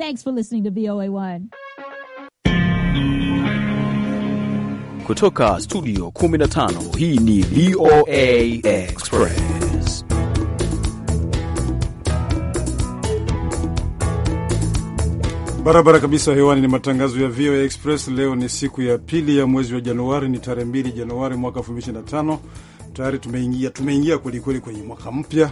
Thanks for listening to VOA1. Kutoka studio 15 hii ni VOA Express. Barabara kabisa hewani ni matangazo ya VOA Express. Leo ni siku ya pili ya mwezi wa Januari, ni tarehe 2 Januari mwaka 2025. Tayari tumeingia tumeingia kwelikweli kwenye mwaka mpya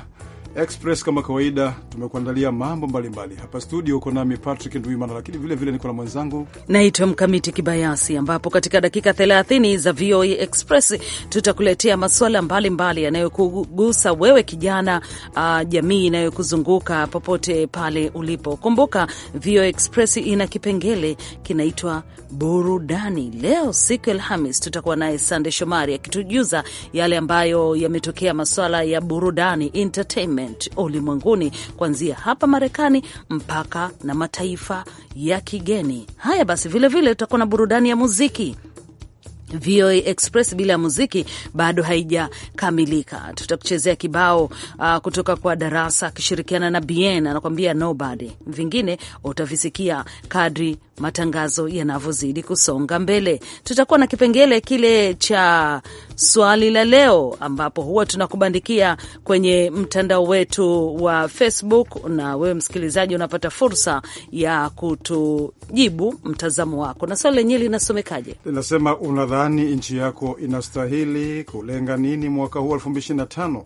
Express kama kawaida tumekuandalia mambo mbalimbali mbali. Hapa studio uko nami Patrick Ndwimana, lakini vilevile niko na mwenzangu naitwa Mkamiti Kibayasi, ambapo katika dakika 30 za VOA e Express tutakuletea masuala mbalimbali yanayokugusa wewe kijana, uh, jamii inayokuzunguka popote pale ulipo. Kumbuka VOA e Express ina kipengele kinaitwa burudani. Leo siku elhamis Alhamis tutakuwa naye Sande Shomari akitujuza yale ambayo yametokea, masuala ya burudani entertainment Entertainment ulimwenguni kuanzia hapa Marekani mpaka na mataifa ya kigeni. Haya basi, vilevile tutakuwa na burudani ya muziki. VOA Express bila ya muziki bado haijakamilika. Tutakuchezea kibao uh, kutoka kwa Darasa akishirikiana na Bien anakuambia nobody. Vingine utavisikia kadri matangazo yanavyozidi kusonga mbele. Tutakuwa na kipengele kile cha swali la leo, ambapo huwa tunakubandikia kwenye mtandao wetu wa Facebook, na wewe msikilizaji unapata fursa ya kutujibu mtazamo wako. Na swali lenyewe linasomekaje? Linasema, unadhani nchi yako inastahili kulenga nini mwaka huu 2025?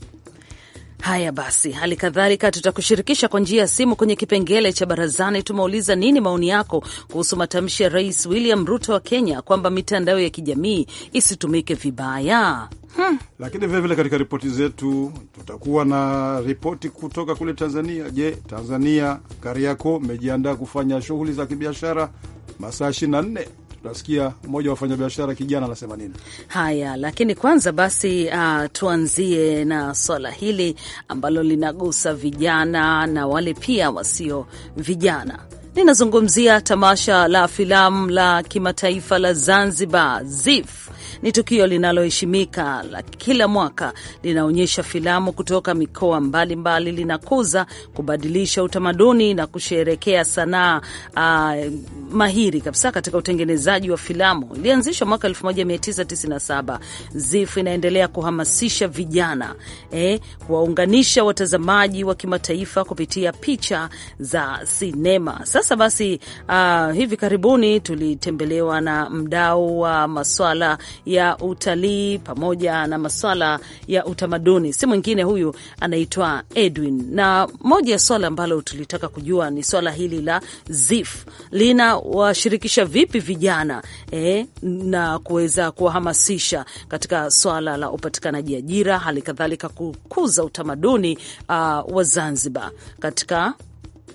Haya basi, hali kadhalika tutakushirikisha kwa njia ya simu kwenye kipengele cha barazani. Tumeuliza nini maoni yako kuhusu matamshi ya Rais William Ruto wa Kenya kwamba mitandao ya kijamii isitumike vibaya. Hmm. Lakini vilevile katika ripoti zetu tutakuwa na ripoti kutoka kule Tanzania. Je, Tanzania Kariakoo mejiandaa kufanya shughuli za kibiashara masaa 24? nasikia mmoja wa wafanyabiashara kijana anasema nini. Haya, lakini kwanza basi, uh, tuanzie na swala hili ambalo linagusa vijana na wale pia wasio vijana Ninazungumzia tamasha la filamu la kimataifa la Zanzibar, ZIF. Ni tukio linaloheshimika la kila mwaka, linaonyesha filamu kutoka mikoa mbalimbali linakuza kubadilisha utamaduni na kusherekea sanaa uh, mahiri kabisa katika utengenezaji wa filamu. Ilianzishwa mwaka 1997. ZIF inaendelea kuhamasisha vijana eh, kuwaunganisha watazamaji wa kimataifa kupitia picha za sinema. Sasa basi, uh, hivi karibuni tulitembelewa na mdau wa maswala ya utalii pamoja na maswala ya utamaduni, si mwingine huyu, anaitwa Edwin, na moja ya swala ambalo tulitaka kujua ni swala hili la ZIF linawashirikisha vipi vijana eh, na kuweza kuwahamasisha katika swala la upatikanaji ajira, hali kadhalika kukuza utamaduni uh, wa Zanzibar katika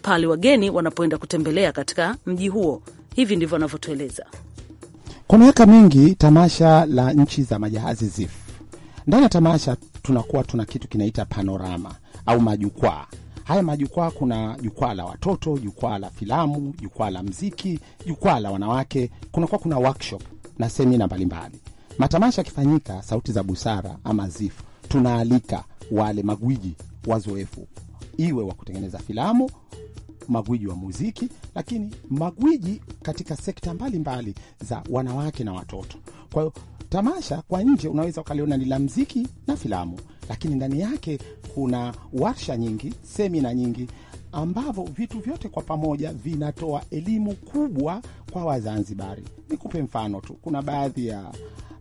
pale wageni wanapoenda kutembelea katika mji huo. Hivi ndivyo wanavyotueleza. Kwa miaka mingi tamasha la nchi za majahazi ZIF, ndani ya tamasha tunakuwa tuna kitu kinaita panorama au majukwaa haya majukwaa. Kuna jukwaa la watoto, jukwaa la filamu, jukwaa la mziki, jukwaa la wanawake. Kunakuwa kuna workshop na semina mbalimbali. Matamasha yakifanyika, Sauti za Busara ama ZIF tunaalika wale magwiji wazoefu, iwe wa kutengeneza filamu magwiji wa muziki, lakini magwiji katika sekta mbalimbali mbali za wanawake na watoto. Kwa hiyo tamasha kwa nje unaweza ukaliona ni la mziki na filamu, lakini ndani yake kuna warsha nyingi, semina nyingi ambavyo vitu vyote kwa pamoja vinatoa elimu kubwa kwa Wazanzibari. Nikupe mfano tu, kuna baadhi ya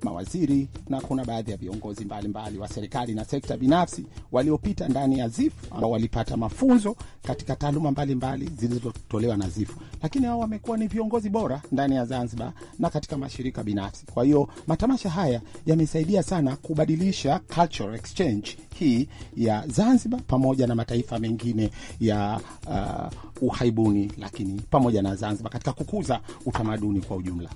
mawaziri na kuna baadhi ya viongozi mbalimbali wa serikali na sekta binafsi waliopita ndani ya ZIFU ambao walipata mafunzo katika taaluma mbalimbali zilizotolewa na ZIFU, lakini hao wamekuwa ni viongozi bora ndani ya Zanzibar na katika mashirika binafsi. Kwa hiyo matamasha haya yamesaidia sana kubadilisha cultural exchange hii ya Zanzibar pamoja na mataifa mengine ya uh, uhaibuni, lakini pamoja na Zanzibar katika kukuza utamaduni kwa ujumla.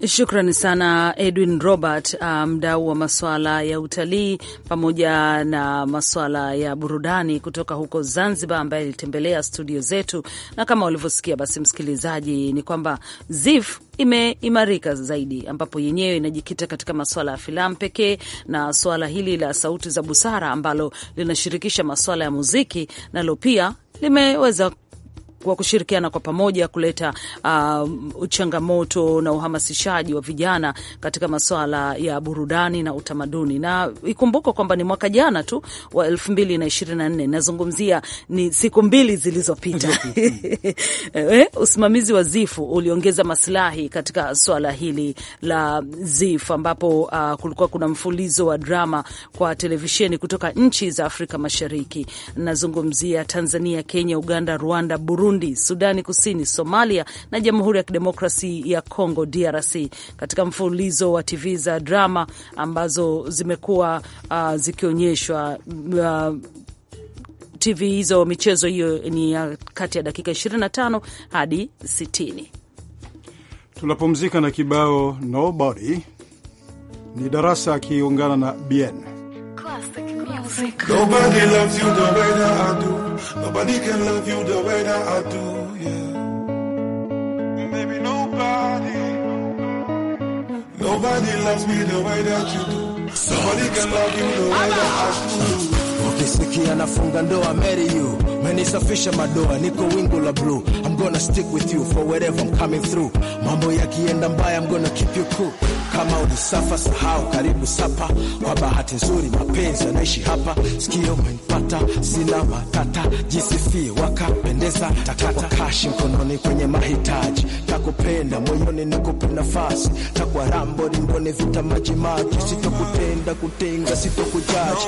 Shukran sana Edwin Robert, uh, mdau um, wa maswala ya utalii pamoja na maswala ya burudani kutoka huko Zanzibar, ambaye alitembelea studio zetu, na kama ulivyosikia, basi msikilizaji, ni kwamba ZIF imeimarika zaidi, ambapo yenyewe inajikita katika masuala ya filamu pekee na suala hili la sauti za busara ambalo linashirikisha maswala ya muziki, nalo pia limeweza kwa kushirikiana kwa pamoja kuleta uh, um, changamoto na uhamasishaji wa vijana katika masuala ya burudani na utamaduni, na ikumbuka kwamba ni mwaka jana tu wa 2024 nazungumzia ni siku mbili zilizopita. Eh, usimamizi wa zifu uliongeza maslahi katika swala hili la zifu, ambapo uh, kulikuwa kuna mfulizo wa drama kwa televisheni kutoka nchi za Afrika Mashariki. Nazungumzia Tanzania, Kenya, Uganda, Rwanda, Burundi Burundi, Sudani Kusini, Somalia na Jamhuri ya Kidemokrasi ya congo DRC, katika mfululizo wa TV za drama ambazo zimekuwa uh, zikionyeshwa uh, TV hizo. Michezo hiyo ni ya kati ya dakika 25 hadi 60. Tunapumzika na kibao Nobody ni darasa akiungana na Bien Classic. music. Nobody loves you the way that I do. Nobody can love you the way that I do. Yeah. Maybe nobody. Nobody loves me the way that you do. Nobody can love you the way that I do. Ukisikia nafunga ndoa marry you menisafisha madoa, niko wingu la blue. I'm gonna stick with you for wherever I'm coming through. Mambo yakienda mbaya, I'm gonna keep you cool. Kama ulisafa sahau, karibu sapa. Kwa bahati nzuri, mapenzi anaishi hapa. Sikio menipata, sina matata, jisifie wakapendeza, takata kashi mkononi kwenye mahitaji, takupenda moyoni, nikupe nafasi, takwa rambo rimboni, vita majimaji, sitokutenda kutenga, sitokujaji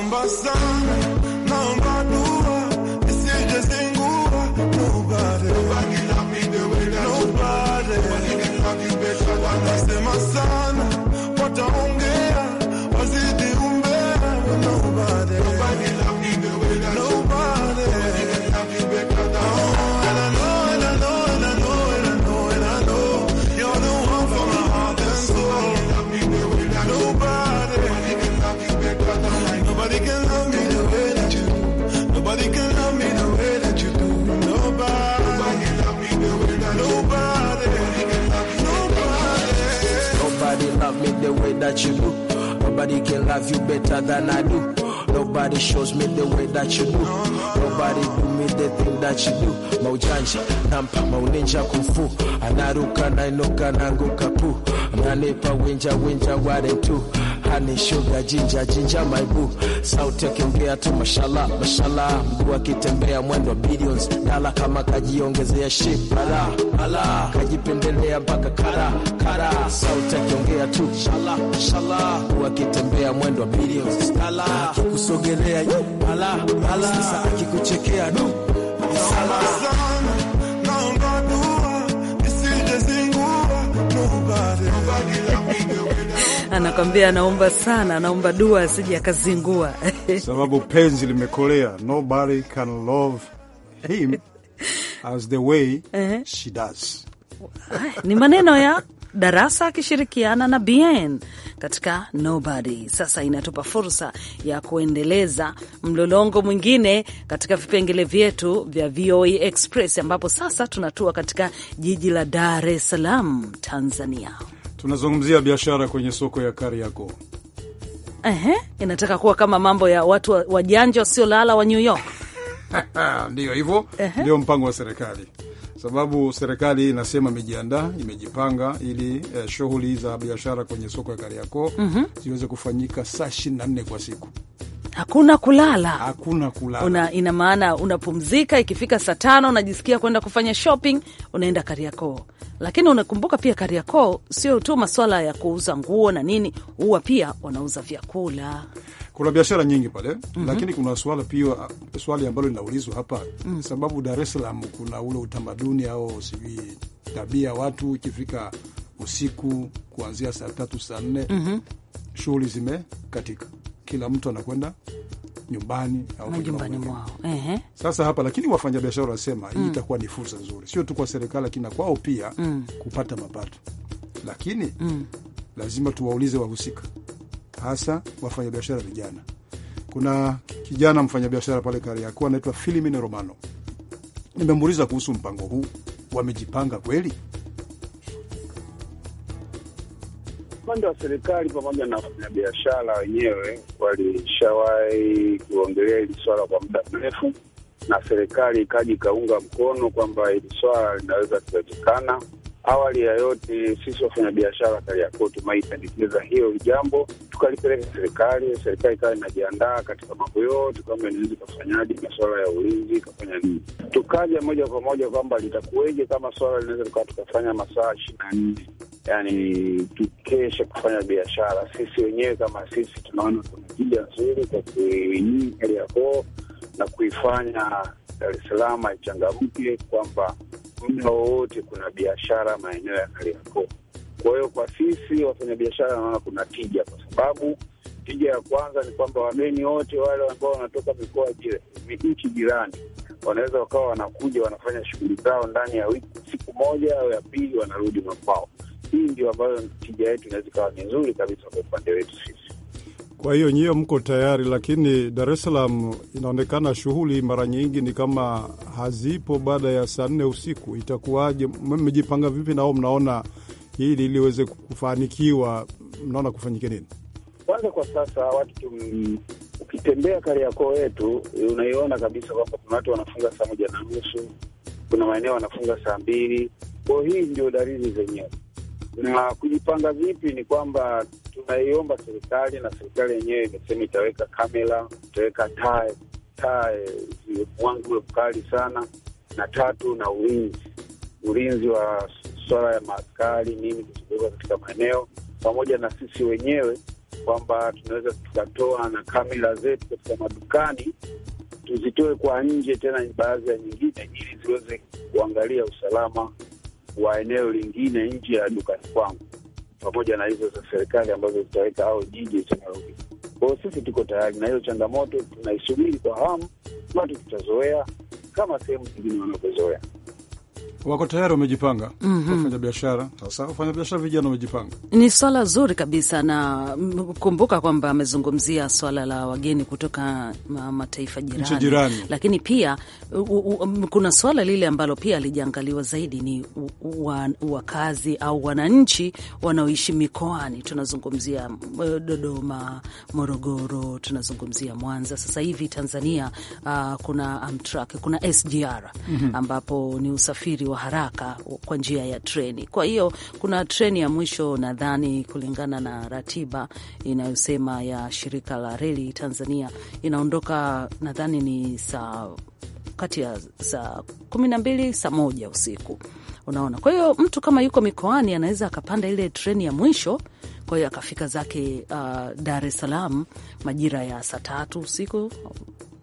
that you do. Nobody can love you better than I do. Nobody shows me the way that you do. Nobody do me the thing that you do. Maujanja, nampa, mauninja kufu. Anaruka, nainuka, nanguka pu. Mnanipa winja, winja, ware tu. Honey, sugar, ginger, ginger my boo. Sauti akiongea tu mashallah, mashallah. Mguu akitembea mwendo billions. Dala kama kajiongezea ship. Ala, ala. Kajipendelea mpaka kara, kara. Sauti akiongea tu shala, shala. Mguu akitembea mwendo billions. Dala. Akikusogelea yu. Ala, ala. Sasa akikuchekea du. Sala. Naomba dua, isije zingua. Nobody. Nobody anakwambia anaomba sana, anaomba dua asije akazingua sababu penzi limekolea. Nobody can love him as the way eh? she does. Ni maneno ya Darasa akishirikiana na BN katika Nobody. Sasa inatupa fursa ya kuendeleza mlolongo mwingine katika vipengele vyetu vya VOA e Express, ambapo sasa tunatua katika jiji la Dar es Salaam, Tanzania tunazungumzia biashara kwenye soko ya Kariakoo. Ehe, inataka kuwa kama mambo ya watu wajanja wasiolala wa New York Ndio hivyo, ndio mpango wa serikali sababu serikali inasema imejiandaa, imejipanga ili eh, shughuli za biashara kwenye soko ya Kariakoo mm -hmm. ziweze kufanyika saa ishirini na nne kwa siku Hakuna kulala, hakuna kulala. Una, ina maana unapumzika, ikifika saa tano unajisikia kwenda kufanya shopping, unaenda Kariakoo. Lakini unakumbuka pia Kariakoo sio tu maswala ya kuuza nguo na nini, huwa pia wanauza vyakula, kuna biashara nyingi pale mm -hmm. Lakini kuna swala pia, swali ambalo linaulizwa hapa mm -hmm. Sababu Dar es Salaam kuna ule utamaduni au sijui tabia watu ikifika usiku kuanzia saa tatu saa nne mm -hmm. shughuli zimekatika kila mtu anakwenda nyumbani au nyumbani mwao. Ehe. Sasa hapa lakini wafanyabiashara wanasema mm. hii itakuwa ni fursa nzuri, sio tu kwa serikali, lakini kwao pia mm. kupata mapato, lakini mm. lazima tuwaulize wahusika, hasa wafanyabiashara vijana. Kuna kijana mfanyabiashara pale Kariakoo anaitwa Filimine Romano, nimemuuliza kuhusu mpango huu, wamejipanga kweli? upande wa serikali pamoja na wafanyabiashara wenyewe walishawahi kuongelea hili swala kwa muda mrefu, na serikali ikaja ikaunga mkono kwamba hili swala linaweza kuwezekana. Awali ya yote, sisi wafanyabiashara Kariakoo tumaipendekeza hiyo jambo, tukalipeleka serikali. Serikali ikawa inajiandaa katika mambo yote, kwamba inaweza ikafanyaje, masuala ya ulinzi ikafanya nini. Tukaja moja kwa moja kwamba litakuweje kama swala linaweza tukawa tukafanya masaa ishirini na nne yani tukeshe kufanya biashara. Sisi wenyewe kama sisi tunaona kuna tija nzuri kwa kuinii Kariakoo na kuifanya Dar es Salaam kwamba muda wowote kuna biashara maeneo ya Kariakoo. Kwa hiyo kwa sisi wafanyabiashara, naona kuna tija, kwa sababu tija ya kwanza ni kwamba wageni wote wale ambao wanatoka mikoa nchi jirani wanaweza wakawa wanakuja wanafanya shughuli zao ndani ya wiki siku moja au ya pili, wanarudi makwao hii ndio ambayo tija yetu inaweza ikawa ni nzuri kabisa kwa upande wetu sisi. Kwa hiyo nyiwe mko tayari, lakini Dar es Salaam inaonekana shughuli mara nyingi ni kama hazipo baada ya saa nne usiku. Itakuwaje? Mmejipanga vipi nao? Mnaona hili ili liweze kufanikiwa, mnaona kufanyike nini? Kwanza kwa sasa watu tum... ukitembea Kariakoo yetu unaiona kabisa kwamba kuna watu wanafunga saa moja na nusu, kuna maeneo wanafunga saa mbili. Kwa hiyo hii ndio dalili zenyewe. Na kujipanga vipi, ni kwamba tunaiomba serikali na serikali yenyewe imesema itaweka kamera, itaweka taa taa mwangu uwe mkali sana, na tatu na ulinzi, ulinzi wa swala ya maaskari nini kuzunguka katika maeneo, pamoja na sisi wenyewe kwamba tunaweza tukatoa na kamera zetu katika madukani tuzitoe kwa nje tena, baadhi ya nyingine, ili ziweze kuangalia usalama wa eneo lingine nje ya dukani kwangu, pamoja na hizo za serikali ambazo zitaweka au jiji itakarudi kwao. Sisi tuko tayari na hiyo changamoto, tunaisubiri kwa hamu, watu tutazoea kama sehemu zingine wanavyozoea wako tayari wamejipanga mm -hmm. biashara sasa, wafanya biashara vijana wamejipanga. Ni swala zuri kabisa, na kumbuka kwamba amezungumzia swala la wageni kutoka mataifa jirani, jirani, lakini pia u, u, kuna swala lile ambalo pia alijaangaliwa zaidi ni wakazi au wananchi wanaoishi mikoani. Tunazungumzia Dodoma, Morogoro, tunazungumzia Mwanza. Sasa hivi Tanzania uh, kuna Amtrak, kuna SGR mm -hmm. ambapo ni usafiri wa kwa haraka kwa njia ya treni. Kwa hiyo kuna treni ya mwisho nadhani, kulingana na ratiba inayosema ya shirika la reli Tanzania, inaondoka nadhani ni saa kati ya saa kumi na mbili saa moja usiku, unaona. Kwa hiyo mtu kama yuko mikoani anaweza akapanda ile treni ya mwisho kwa hiyo akafika zake uh, Dar es Salaam majira ya saa tatu usiku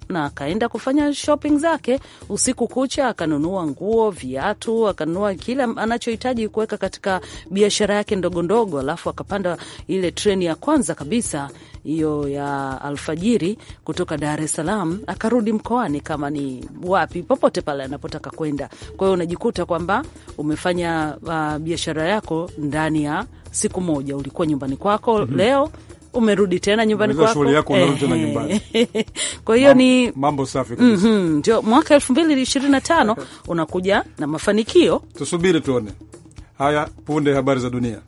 na akaenda kufanya shopping zake usiku kucha, akanunua nguo, viatu, akanunua kila anachohitaji kuweka katika biashara yake ndogo ndogo, alafu akapanda ile treni ya kwanza kabisa hiyo ya alfajiri kutoka Dar es Salaam akarudi mkoani, kama ni wapi, popote pale anapotaka kwenda. Kwa hiyo unajikuta kwamba umefanya uh, biashara yako ndani ya siku moja. Ulikuwa nyumbani kwako mm -hmm. leo umerudi tena nyumbani kwako yako, eh, tena nyumbani. Kwa hiyo ni mambo safi kabisa ndio. mm -hmm, mwaka 2025 unakuja na mafanikio, tusubiri tuone. Haya, punde habari za dunia.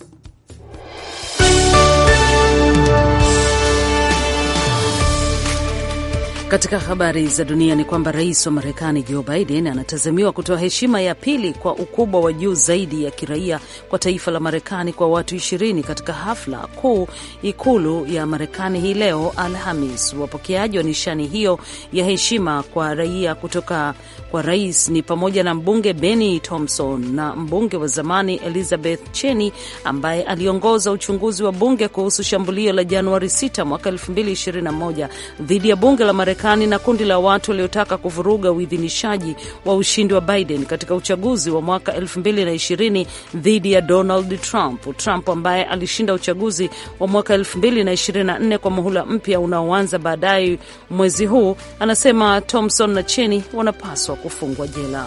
Katika habari za dunia ni kwamba rais wa Marekani Joe Biden anatazamiwa kutoa heshima ya pili kwa ukubwa wa juu zaidi ya kiraia kwa taifa la Marekani kwa watu ishirini katika hafla kuu ikulu ya Marekani hii leo Alhamis. Wapokeaji wa nishani hiyo ya heshima kwa raia kutoka kwa rais ni pamoja na mbunge Benny Thompson na mbunge wa zamani Elizabeth Cheney ambaye aliongoza uchunguzi wa bunge kuhusu shambulio la Januari 6 mwaka 2021 dhidi ya bunge la Marekani Marekani na kundi la watu waliotaka kuvuruga uidhinishaji wa ushindi wa Biden katika uchaguzi wa mwaka 2020 dhidi ya Donald Trump. Trump ambaye alishinda uchaguzi wa mwaka 2024 kwa muhula mpya unaoanza baadaye mwezi huu, anasema Thompson na Cheney wanapaswa kufungwa jela.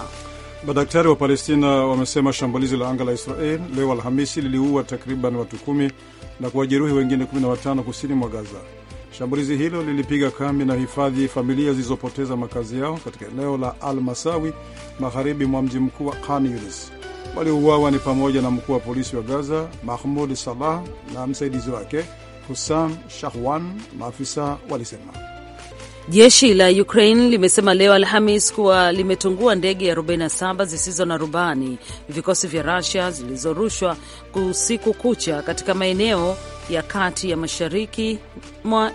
Madaktari wa Palestina wamesema shambulizi la anga la Israel leo Alhamisi liliua takriban watu kumi na kuwajeruhi wengine 15 kusini mwa Gaza. Shambulizi hilo lilipiga kambi na hifadhi familia zilizopoteza makazi yao katika eneo la Al Masawi, magharibi mwa mji mkuu wa Khan Yunis. Waliouawa ni pamoja na mkuu wa polisi wa Gaza Mahmud Salah na msaidizi wake Hussam Shahwan, maafisa walisema. Jeshi la Ukraine limesema leo Alhamis kuwa limetungua ndege 47 zisizo na rubani vikosi vya Rusia zilizorushwa usiku kucha katika maeneo ya kati ya mashariki mwa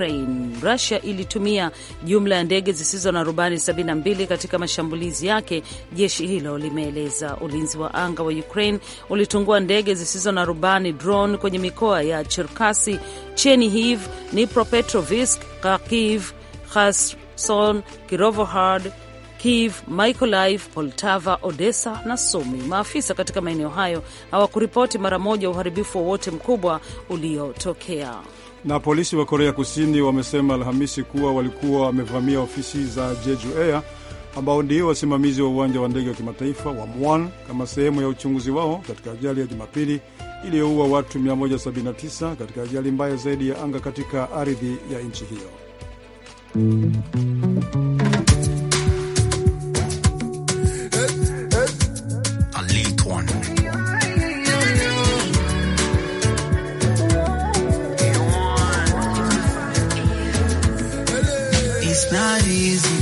Ukraine. Rusia ilitumia jumla ya ndege zisizo na rubani 72 katika mashambulizi yake, jeshi hilo limeeleza. Ulinzi wa anga wa Ukraine ulitungua ndege zisizo na rubani drone kwenye mikoa ya Cherkasi, Chenihiv, Nipropetrovisk, Kharkiv, Kherson, Kirovohrad, Kiev, Mykolaiv, Poltava, Odessa na Sumi. Maafisa katika maeneo hayo hawakuripoti mara moja uharibifu wowote mkubwa uliotokea. Na polisi wa Korea Kusini wamesema Alhamisi kuwa walikuwa wamevamia ofisi za Jeju Air ambao ndio wasimamizi wa uwanja wa ndege wa kimataifa wa Mwan kama sehemu ya uchunguzi wao katika ajali ya Jumapili iliyoua watu 179 katika ajali mbaya zaidi ya anga katika ardhi ya nchi hiyo. easy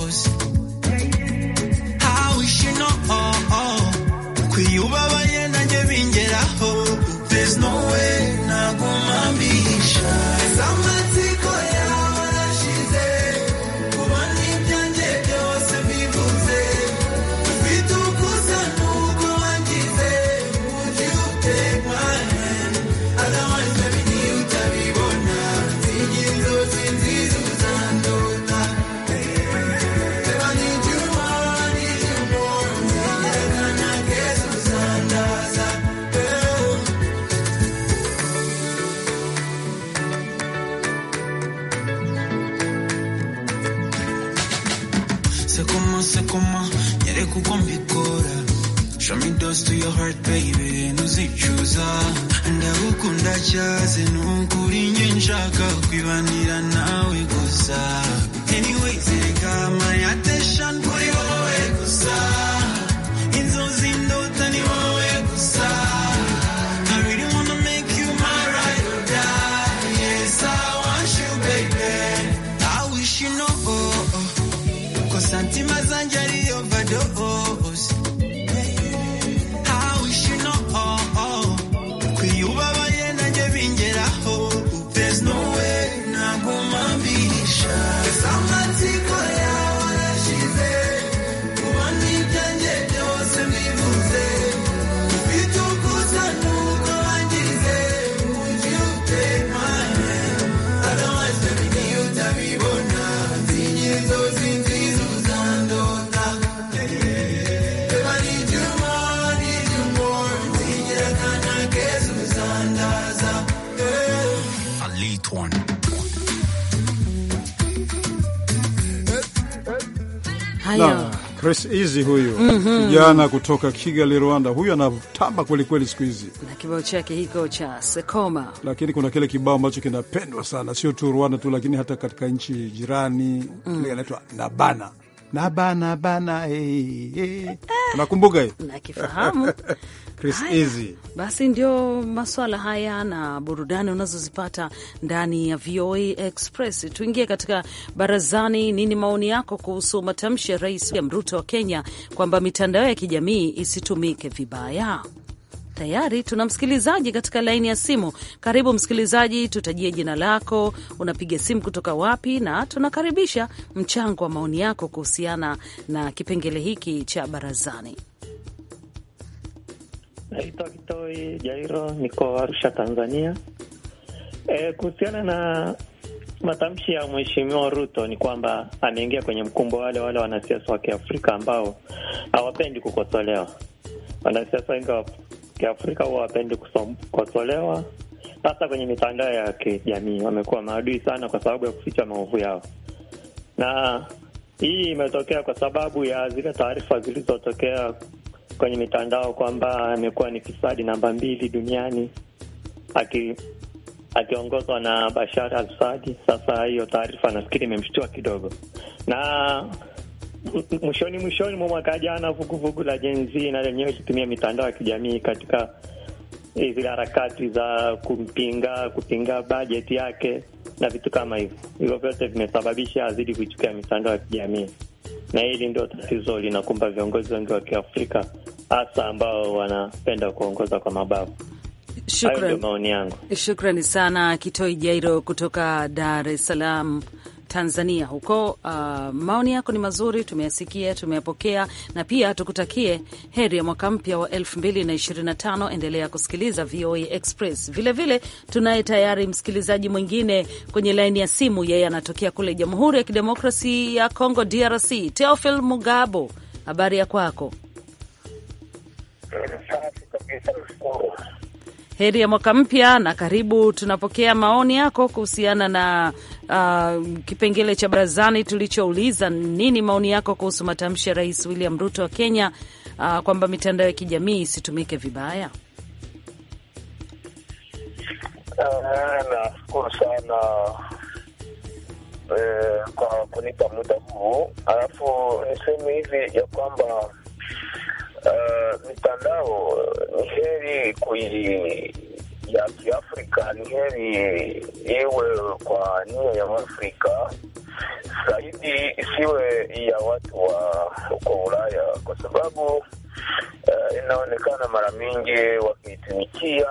knows how we should know. Oh, oh. Kuyuba close to your heart, baby ntuzicuza ndagukunda cyaze nuko uri njye nshaka kwibanira nawe gusa anyways my mayata Litwan. Hayo. Chris Easy huyu mhm. kijana mm -hmm. kutoka Kigali, Rwanda. Huyu anatamba kwelikweli siku hizi na kibao chake hiko cha Sekoma, lakini kuna kile kibao ambacho kinapendwa sana, sio tu Rwanda tu, lakini hata katika nchi jirani mm. kile kinaitwa Nabana na bana bana, hey, eh, eh, hey. Eh. hiyo? Nakifahamu. Chris Easy. Basi ndio maswala haya na burudani unazozipata ndani ya VOA Express. Tuingie katika barazani. Nini maoni yako kuhusu matamshi ya Rais William Ruto wa Kenya kwamba mitandao ya kijamii isitumike vibaya? tayari tuna msikilizaji katika laini ya simu. Karibu msikilizaji, tutajie jina lako, unapiga simu kutoka wapi, na tunakaribisha mchango wa maoni yako kuhusiana na kipengele hiki cha barazani. Naitwa Kitoi Jairo, niko Arusha, Tanzania. E, kuhusiana na matamshi ya Mheshimiwa Ruto ni kwamba ameingia kwenye mkumbo wale wale wanasiasa wa Kiafrika ambao hawapendi kukosolewa. Wanasiasa wengi Kiafrika huwa wapendi kukosolewa. hasa kwenye mitandao ya kijamii wamekuwa maadui sana, kwa sababu ya kuficha maovu yao, na hii imetokea kwa sababu ya zile taarifa zilizotokea kwenye mitandao kwamba amekuwa ni fisadi namba mbili duniani aki akiongozwa na Bashar al-Assad. Sasa hiyo taarifa nafikiri imemshtua kidogo, na mwishoni mwishoni mwa mwaka jana, vuguvugu la Jenzi na lenyewe ikitumia mitandao ya kijamii katika eh, zile harakati za kumpinga kupinga bajeti yake na vitu kama hivyo. Hivyo vyote vimesababisha azidi kuichukia mitandao ya kijamii, na hili ndio tatizo linakumba viongozi wengi wa Kiafrika, hasa ambao wanapenda kuongoza kwa mabavu. Hayo ndio maoni yangu. Shukrani sana Kitoi Jairo kutoka Dar es Salaam. Tanzania huko. Uh, maoni yako ni mazuri, tumeyasikia, tumeyapokea na pia tukutakie heri ya mwaka mpya wa 2025. Endelea kusikiliza VOA e Express. Vilevile tunaye tayari msikilizaji mwingine kwenye laini ya simu, yeye anatokea kule Jamhuri ya Kidemokrasi ya Congo, DRC. Teofil Mugabo, habari ya kwako? heri ya mwaka mpya na karibu. Tunapokea maoni yako kuhusiana na uh, kipengele cha barazani tulichouliza, nini maoni yako kuhusu matamshi ya Rais William Ruto wa Kenya uh, kwamba mitandao ya kijamii isitumike vibaya. Ah, nashukuru sana eh, kwa kunipa muda huu, alafu niseme hivi ya kwamba Uh, mitandao uh, ni heri kui ya Kiafrika, ni heri iwe kwa nia ya Afrika zaidi isiwe ya watu wa uko Ulaya, kwa sababu uh, inaonekana mara mingi wakiitumikia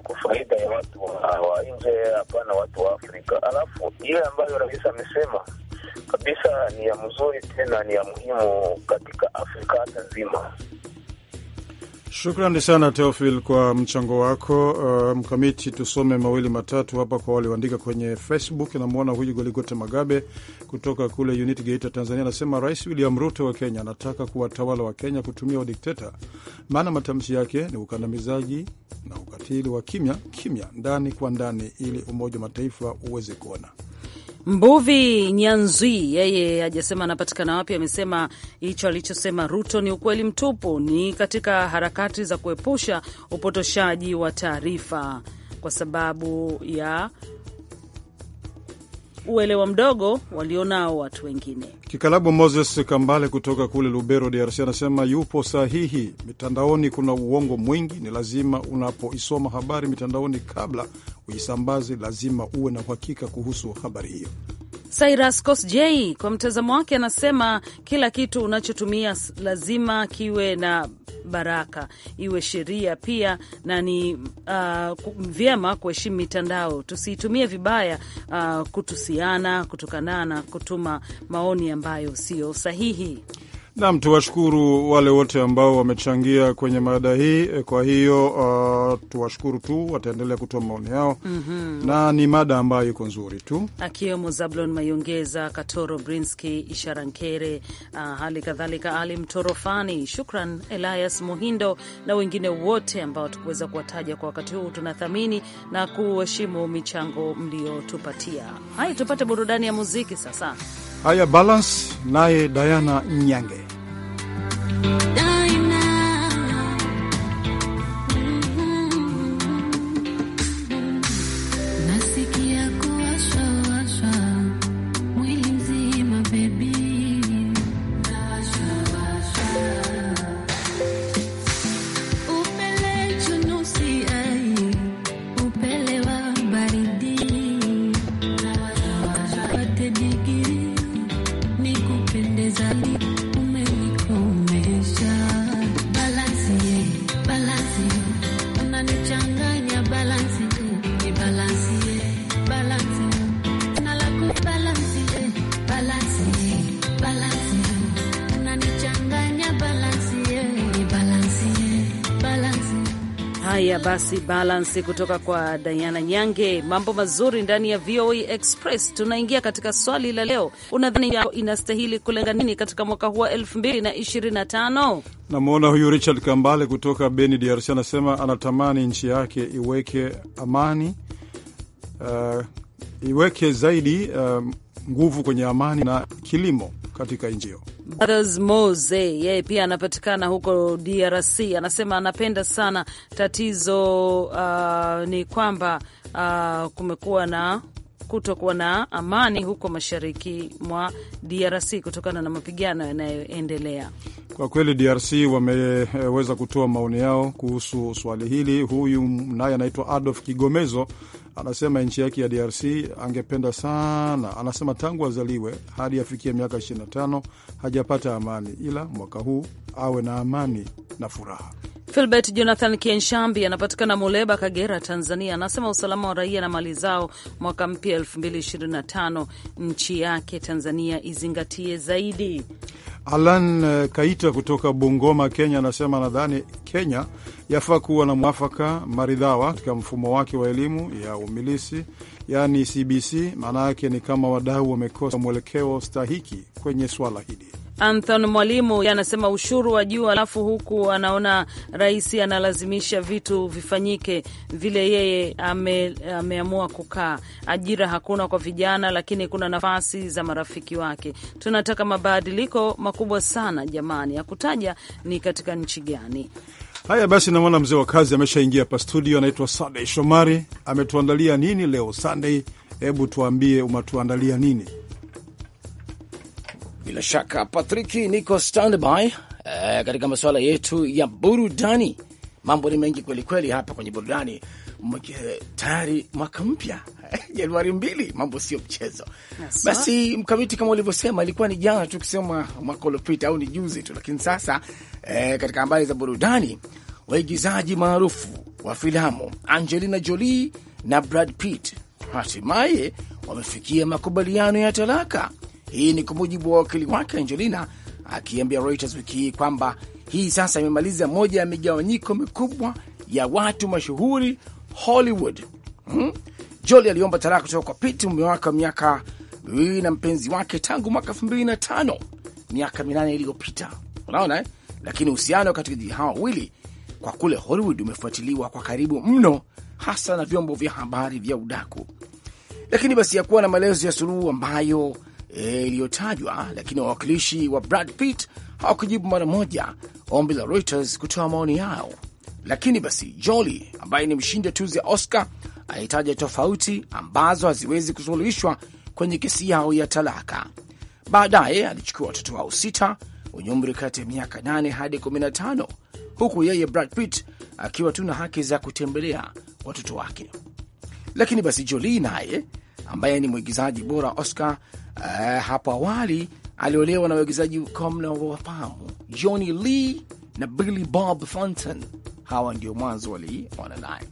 Uh, faida ya watu wa, wa nje, hapana watu wa Afrika. Alafu ile ambayo rais amesema kabisa ni ya mzuri tena ni ya muhimu katika Afrika nzima. Shukrani sana Teofil kwa mchango wako. Uh, mkamiti, tusome mawili matatu hapa kwa walioandika kwenye Facebook. Namwona huyu Goligote Magabe kutoka kule unit Geita, Tanzania, anasema Rais William Ruto wa Kenya anataka kuwatawala wa Kenya kutumia wadikteta, maana matamshi yake ni ukandamizaji na ukatili wa kimya kimya, ndani kwa ndani, ili Umoja wa Mataifa uweze kuona Mbuvi Nyanzwi yeye hajasema anapatikana wapi. Amesema hicho alichosema Ruto ni ukweli mtupu, ni katika harakati za kuepusha upotoshaji wa taarifa kwa sababu ya uelewa mdogo walionao watu wengine. Kikalabu Moses Kambale kutoka kule Lubero, DRC, anasema yupo sahihi. Mitandaoni kuna uongo mwingi, ni lazima unapoisoma habari mitandaoni kabla uisambazi lazima uwe na uhakika kuhusu habari hiyo. Cyrus cosj kwa mtazamo wake anasema kila kitu unachotumia lazima kiwe na baraka, iwe sheria pia, na ni uh, vyema kuheshimu mitandao, tusiitumie vibaya, uh, kutusiana, kutukanana, kutuma maoni ambayo sio sahihi. Nam, tuwashukuru wale wote ambao wamechangia kwenye mada hii. E, kwa hiyo uh, tuwashukuru tu, wataendelea kutoa maoni yao mm -hmm. na ni mada ambayo iko nzuri tu, akiwemo Zablon Mayongeza, Katoro Brinski, Ishara Nkere, uh, hali kadhalika Ali Mtorofani, shukran Elias Muhindo na wengine wote ambao tukuweza kuwataja kwa wakati huu. Tunathamini na kuheshimu michango mliotupatia. Haya, tupate burudani ya muziki sasa. Haya, balance naye Diana Nyange. basi balance kutoka kwa Diana Nyange. Mambo mazuri ndani ya VOA e Express. Tunaingia katika swali la leo, unadhani inastahili kulenga nini katika mwaka huu wa 225 Namwona huyu Richard Kambale kutoka Beni, DRC, anasema anatamani nchi yake iweke amani, uh, iweke zaidi uh, nguvu kwenye amani na kilimo katika nchi hiyo. Brothers Mose yeye pia anapatikana huko DRC, anasema anapenda sana tatizo uh, ni kwamba uh, kumekuwa na kutokuwa na amani huko mashariki mwa DRC kutokana na mapigano yanayoendelea. Kwa kweli DRC wameweza kutoa maoni yao kuhusu swali hili. Huyu naye anaitwa Adolf Kigomezo anasema nchi yake ya DRC angependa sana, anasema tangu azaliwe hadi afikie miaka 25 hajapata amani, ila mwaka huu awe na amani na furaha. Filbert Jonathan Kienshambi anapatikana Muleba, Kagera, Tanzania, anasema usalama wa raia na mali zao mwaka mpya 225 nchi yake Tanzania izingatie zaidi. Alan eh, Kaita kutoka Bungoma, Kenya, anasema nadhani Kenya yafaa kuwa na mwafaka maridhawa katika mfumo wake wa elimu ya umilisi, yaani CBC. Maana yake ni kama wadau wamekosa mwelekeo stahiki kwenye swala hili. Anthony Mwalimu anasema ushuru wa juu, alafu huku anaona rais analazimisha vitu vifanyike vile yeye ame, ameamua kukaa. Ajira hakuna kwa vijana, lakini kuna nafasi za marafiki wake. Tunataka mabadiliko makubwa sana jamani. kutaja ni katika nchi gani. Haya basi, namwona mzee wa kazi ameshaingia hapa studio, anaitwa Sandey Shomari. Ametuandalia nini leo Sandey? Hebu tuambie umatuandalia nini? Bila shaka Patrick, niko standby e, katika masuala yetu ya burudani. Mambo ni mengi kwelikweli hapa kwenye burudani. Tayari mwaka mpya Januari mbili, mambo sio mchezo. Yes, basi mkamiti, kama ulivyosema, ilikuwa ni jana tu kusema mwaka uliopita au ni juzi tu, lakini sasa eh, katika habari za burudani, waigizaji maarufu wa filamu Angelina Jolie na Brad Pitt hatimaye wamefikia makubaliano ya talaka hii ni kwa mujibu wa wakili wake Angelina akiambia Reuters wiki hii kwamba hii sasa imemaliza moja ya migawanyiko mikubwa ya watu mashuhuri Hollywood. Hmm? Joli aliomba talaka kutoka kwa Pitt, mume wake wa miaka miwili na mpenzi wake tangu mwaka elfu mbili na tano, miaka minane iliyopita. Unaona eh? Lakini uhusiano kati ya hawa wawili kwa kule Hollywood umefuatiliwa kwa karibu mno, hasa na vyombo vya habari vya udaku. Lakini basi yakuwa na maelezo ya suluhu ambayo E, iliyotajwa lakini wawakilishi wa Brad Pitt hawakujibu mara moja ombi la Reuters kutoa maoni yao. Lakini basi joli ambaye ni mshindi wa tuzo ya Oscar alitaja tofauti ambazo haziwezi kusuluhishwa kwenye kesi yao ya talaka. Baadaye alichukua watoto wao sita wenye umri kati ya miaka 8 hadi 15 huku yeye Brad Pitt akiwa tu na haki za kutembelea watoto wake. Lakini basi Jolie naye ambaye ni mwigizaji bora Oscar Uh, hapo awali aliolewa na waigizaji kama wafahamu Johnny Lee na Billy Bob Thornton. Hawa ndio mwanzo waliona naye.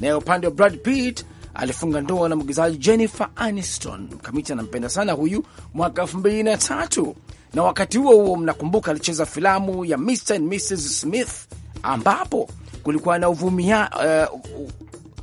Naye upande wa Brad Pitt alifunga ndoa na mwigizaji Jennifer Aniston. Mkamiti anampenda sana huyu, mwaka elfu mbili na tatu na wakati huo huo, mnakumbuka alicheza filamu ya Mr. and Mrs. Smith ambapo kulikuwa na uvumi uh, eh,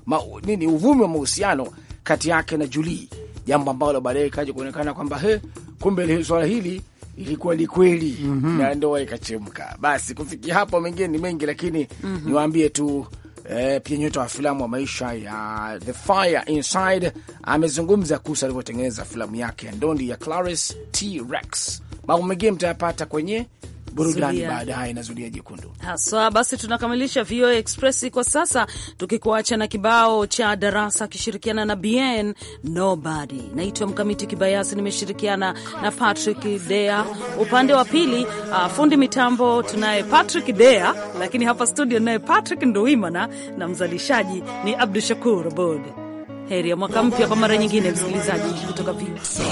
uh, nini uvumi wa mahusiano kati yake na Julie jambo ambalo baadaye ikaja kuonekana kwamba he, kumbe swala hili ilikuwa ni kweli mm -hmm. na ndoa ikachemka. Basi kufikia hapo, mengine ni mengi, lakini mm -hmm. niwaambie tu eh, pia nyota wa filamu wa maisha ya The Fire Inside amezungumza kuhusu alivyotengeneza filamu yake ya ndondi ya Clarice T Rex. Mambo mengine mtayapata kwenye burudani baadaye na zulia jekundu haswa. Basi tunakamilisha VOA Express kwa sasa, tukikuacha na kibao cha darasa akishirikiana na BN Nobody. Naitwa Mkamiti Kibayasi, nimeshirikiana na Patrick Dea upande wa pili. Uh, fundi mitambo tunaye Patrick Dea, lakini hapa studio naye Patrick Nduimana na mzalishaji ni Abdu Shakur Bod. Heri ya mwaka mpya kwa mara nyingine, msikilizaji kutoka VOA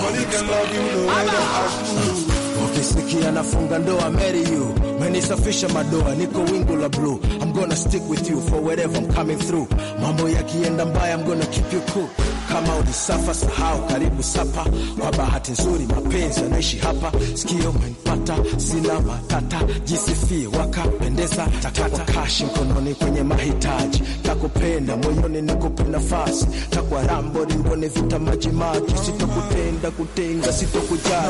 ukisikia nafunga ndoa marry you menisafisha madoa niko wingu la blue I'm gonna stick with you for wherever I'm coming through mambo yakienda mbaya I'm gonna keep you cool kama ulisafa sahau karibu sapa kwa bahati nzuri mapenzi anaishi hapa sikio umenipata sina matata jisifie wakapendeza takata kashi mkononi kwenye mahitaji takupenda moyoni nikupe nafasi takwa rambo limbone vita majimaji sitokutenda kutenga sitokujaji